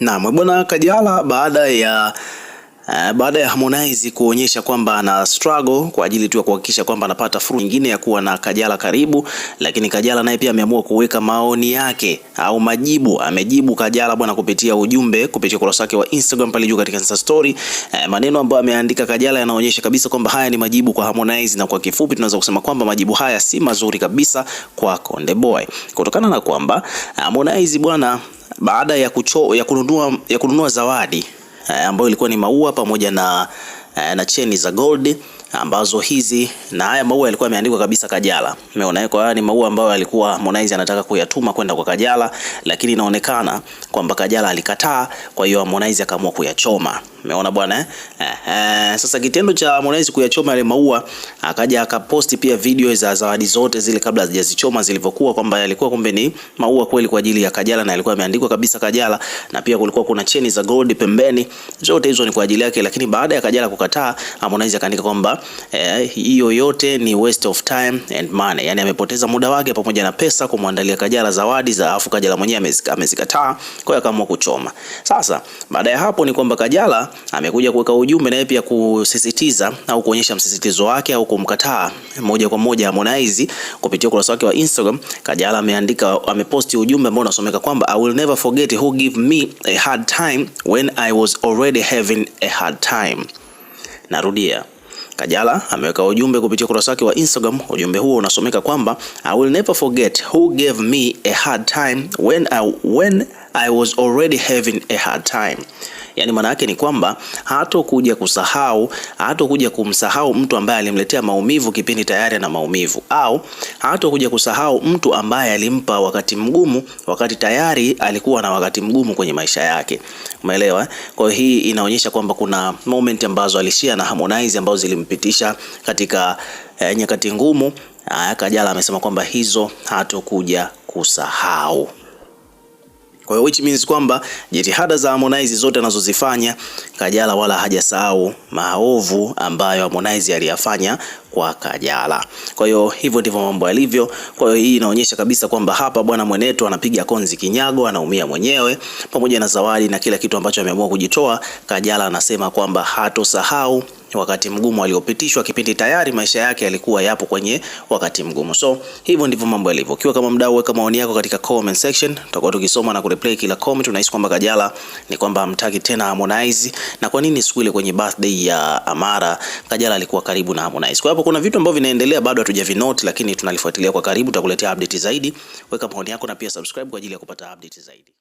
Naam, bwana Kajala baada ya Uh, baada ya Harmonize kuonyesha kwamba ana struggle kwa ajili tu ya kuhakikisha kwamba anapata fursa nyingine ya kuwa na Kajala karibu, lakini Kajala naye pia ameamua kuweka maoni yake au majibu. Amejibu Kajala bwana kupitia ujumbe kupitia ukurasa wake wa Instagram pale juu katika Insta story. Uh, maneno ambayo ameandika Kajala yanaonyesha kabisa kwamba haya ni majibu kwa Harmonize, na kwa kifupi tunaweza kusema kwamba majibu haya si mazuri kabisa kwa Konde Boy, kutokana na kwamba Harmonize bwana baada ya, kucho, ya, kununua, ya kununua zawadi eh, ambayo ilikuwa ni maua pamoja na, eh, na cheni za gold ambazo hizi na haya maua yalikuwa yameandikwa kabisa Kajala. Umeona, eh, kwa haya ni maua ambayo alikuwa Harmonize anataka kuyatuma kwenda kwa Kajala, lakini inaonekana kwamba Kajala alikataa, kwa hiyo Harmonize akaamua kuyachoma. Umeona bwana eh? Eh, eh, sasa kitendo cha Harmonize kuyachoma yale maua, akaja akaposti pia video za zawadi zote zile kabla hazijazichoma zilivyokuwa, kwamba yalikuwa kumbe ni maua kweli kwa ajili ya Kajala na yalikuwa yameandikwa kabisa Kajala, na pia kulikuwa kuna cheni za gold pembeni, zote hizo ni kwa ajili yake, lakini baada ya Kajala kukataa, Harmonize akaandika kwamba Eh, hiyo eh, yote ni waste of time and money. Yani amepoteza muda wake pamoja na pesa kumwandalia Kajala zawadi za afu Kajala mwenyewe amezikataa, kwa hiyo akaamua kuchoma. Sasa baada ya hapo ni kwamba Kajala amekuja kuweka ujumbe naye pia kusisitiza au kuonyesha msisitizo wake au kumkataa moja kwa moja Harmonize kupitia ukurasa wake wa Instagram. Kajala ameandika, ameposti ujumbe ambao unasomeka kwamba I will never forget who give me a hard time when I was already having a hard time. Narudia. Kajala ameweka ujumbe kupitia ukurasa wake wa Instagram. Ujumbe huo unasomeka kwamba I will never forget who gave me a hard time when I, when I was already having a hard time. Yani maana yake ni kwamba hatokuja kusahau, hatokuja kumsahau mtu ambaye alimletea maumivu kipindi tayari ana maumivu, au hatokuja kusahau mtu ambaye alimpa wakati mgumu wakati tayari alikuwa na wakati mgumu kwenye maisha yake. Umeelewa? Eh? Kwa hiyo hii inaonyesha kwamba kuna moment ambazo alishia na Harmonize ambazo zilimpitisha katika eh, nyakati ngumu. Kajala amesema kwamba hizo hatokuja kusahau. Kwa hiyo which means kwamba jitihada za Harmonize zote anazozifanya Kajala wala hajasahau maovu ambayo Harmonize aliyafanya kwa Kajala. Kwa hiyo hivyo ndivyo mambo yalivyo. Kwa hiyo hii inaonyesha kabisa kwamba hapa bwana mwenetu anapiga konzi kinyago, anaumia mwenyewe pamoja na zawadi na kila kitu ambacho ameamua kujitoa. Kajala anasema kwamba hatosahau wakati mgumu aliopitishwa kipindi tayari maisha yake yalikuwa yapo kwenye wakati mgumu. So hivyo ndivyo mambo yalivyo. Ukiwa kama mdau, weka maoni yako katika comment section, tutakuwa tukisoma na kureplay kila comment. Unahisi kwamba Kajala ni kwamba hamtaki tena Harmonize, na kwa nini siku ile kwenye birthday ya Amara Kajala alikuwa karibu na Harmonize? Kwa hapo kuna vitu ambavyo vinaendelea bado hatujavinoti, lakini tunalifuatilia kwa karibu, tutakuletea update zaidi. Weka maoni yako na pia subscribe kwa ajili ya kupata update zaidi.